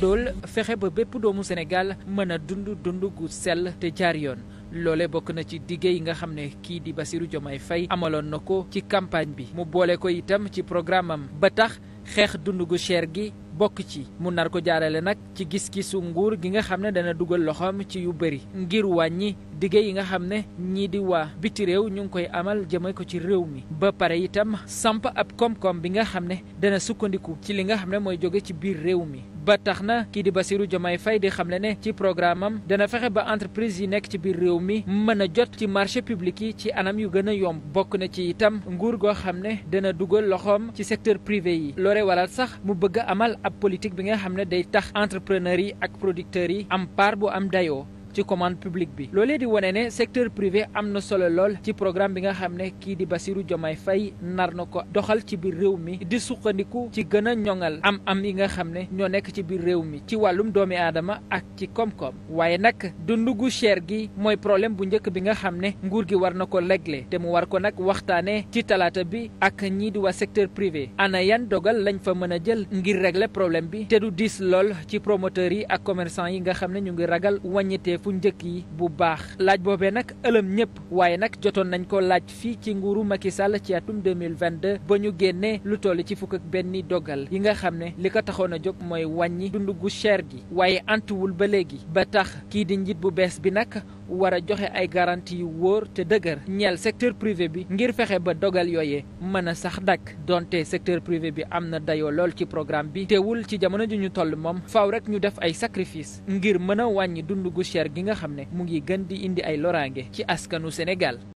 dool fexe ba bépp doomu Sénégal mën a dund dund gu sell te jaar yoon loole bokk na ci diggé yi nga xam ne kii di basiru Diomaye Faye amaloon na ko ci campagne bi mu boole ko itam ci programme am ba tax xeex dund gu cher gi bokk ci mu nar ko jaarale nag ci gis-gisu nguur gi nga xam ne dana dugal loxoom ci yu bëri ngir wàññi dige yi nga xam ne ñii di waa biti réew ñu ngi koy amal jëme ko ci réew mi ba pare itam samp ab koom-koom bi nga xam ne dana sukkandiku ci li nga xam ne mooy jóge ci biir réew mi ba tax na kii di Bassirou Diomaye fay di xam ne ne ci programme am dana fexe ba entreprise yi nekk ci biir réew mi mën a jot ci marché public yi ci anam yu gën a yomb bokk na ci itam nguur goo xam ne dana dugal loxoom ci secteur privé yi ab politique bi nga xam ne day tax entrepreneurs yi ak producteurs yi am part bu am dayoo ci commande publique bi loolee di wane ne secteur privé am na solo lool ci programme bi nga xam ne kii di Bassirou Diomaye fay nar na ko doxal ci biir réew mi di sukkandiku ci gën a ñoŋal am am yi nga xam ne ñoo nekk ci biir réew mi ci wàllum doomi aadama ak ci koom-koom waaye nag dund gu cher gi mooy problème bu njëkk bi nga xam ne nguur gi war na ko régler te mu war ko nag waxtaanee ci talaata bi ak ñii di waa secteur privé ana yan dogal lañ fa mën a jël ngir régler problème bi te du diis lool ci promoteurs yi ak commerçants yi nga xam ne ñu ngi ragal wàññitee fu njëkk yi bu baax laaj boobee nag ëlëm ñëpp waaye nag jotoon nañ ko laaj fii ci nguuru Macky Sall ci atum 2022 ba ñu génnee lu toll ci fukk ak benn dogal yi nga xam ne li ko taxoon a jóg mooy wàññi dund gu cher gi waaye antuwul ba léegi ba tax kii di njiit bu bees bi nag war a joxe ay garantie yu wóor te dëgër ñeel secteur privé bi ngir fexe ba dogal yooyee mën a sax dakk donte secteur privé bi am na dayo lool ci programme bi teewul ci jamono ji ñu toll moom faaw rek ñu def ay sacrifice ngir mën a wàññi dund gu cher gi nga xam ne mu ngi gën di indi ay loraange ci askanu Sénégal